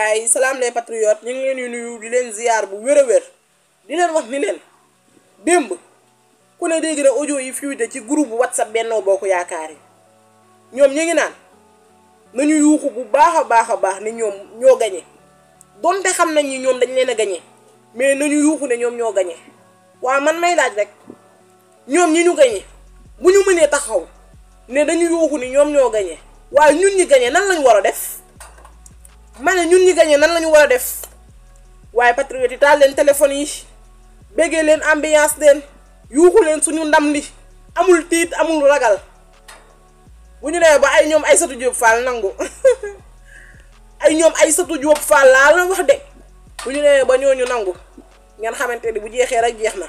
waaye salaam les patriotes ñu ngi leen di nuyu di leen ziyaar bu wér a wér di leen wax ni leen démb ku ne dégg na audio yi fuité ci groupe whatsapp bennoo boo ko yaakaar yi ñoom ñu ngi naan nañu yuuxu bu baax a baax a baax ni ñoom ñoo gañe donte xam nañ ni ñoom dañ leen a gañe mais nañu yuuxu ne ñoom ñoo gañe waaw man may laaj rek ñoom ñi ñu gañe bu ñu mënee taxaw ne dañu yuuxu ni ñoom ñoo gañe waaye ñun ñi gañe nan lañ war a def mané ñun ñi gagné nan la wara def waye patriote yi taal leen téléphone yi béggee leen ambiance leen yuuxu leen suñu ndam ni amul tiit amul ragal bu ñu ba ay ay satu jop Fall nangu ay ñoom Aïssatou Diop Fall laa la wax de bu ñu ba ñooñu nangu ngeen xamante bu jeexee rek jeex na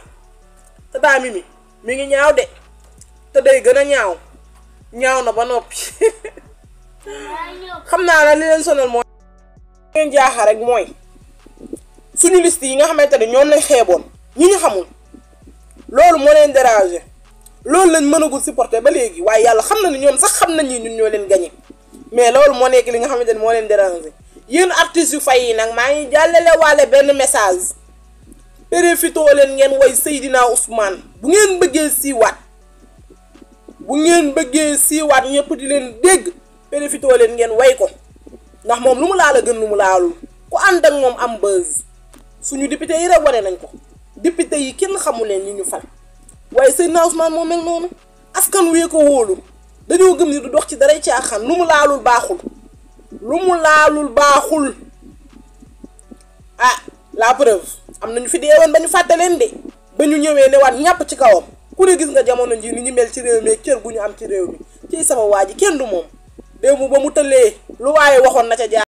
ta mi ngi ñaaw de te day gëna ñaaw ñaaw na ba nopi xamna la li leen sonal mo leen rek mooy suñu liste yi nga xamante ne ñoom lañ xeeboon ñi ñu xamul loolu moo leen déranger loolu lañ mënagul supporté ba léegi waaye yàlla xam na ne ñoom sax xam nañ ni ñun ñoo leen gagné mais loolu moo nekk li nga xamante ne moo leen déranger yéen artistes yu fay yi nag maa ngi jàllee jàllale waale benn message fito leen ngeen woy Seydina Ousmane bu ngeen bëggee siiwaat bu ngeen bëggee siiwaat ñëpp di leen dégg péréfitoo leen ngeen woy ko ndax moom lu mu laal a gën lu mu laalul ku ànd ak moom am buzz suñu député yi rek wane nañ ko député yi kenn xamu leen ñu ñu fal waaye Seydina Ousmane moo mel noonu askan wee ko wóolu dañoo gëm ni du dox ci dara caaxaan lu mu laalul baaxul lu mu laalul baaxul ah la preuve am nañu fi deewoon ba ñu fàtte leen de ba ñu ñëwee newaat ñàpp ci kawam ku ne gis nga jamono ji ni ñu mel ci réew mi cër bu ñu am ci réew mi ci sama waa ji kenn du moom. démb ba mu tëllee lu waaye waxoon na ca jaar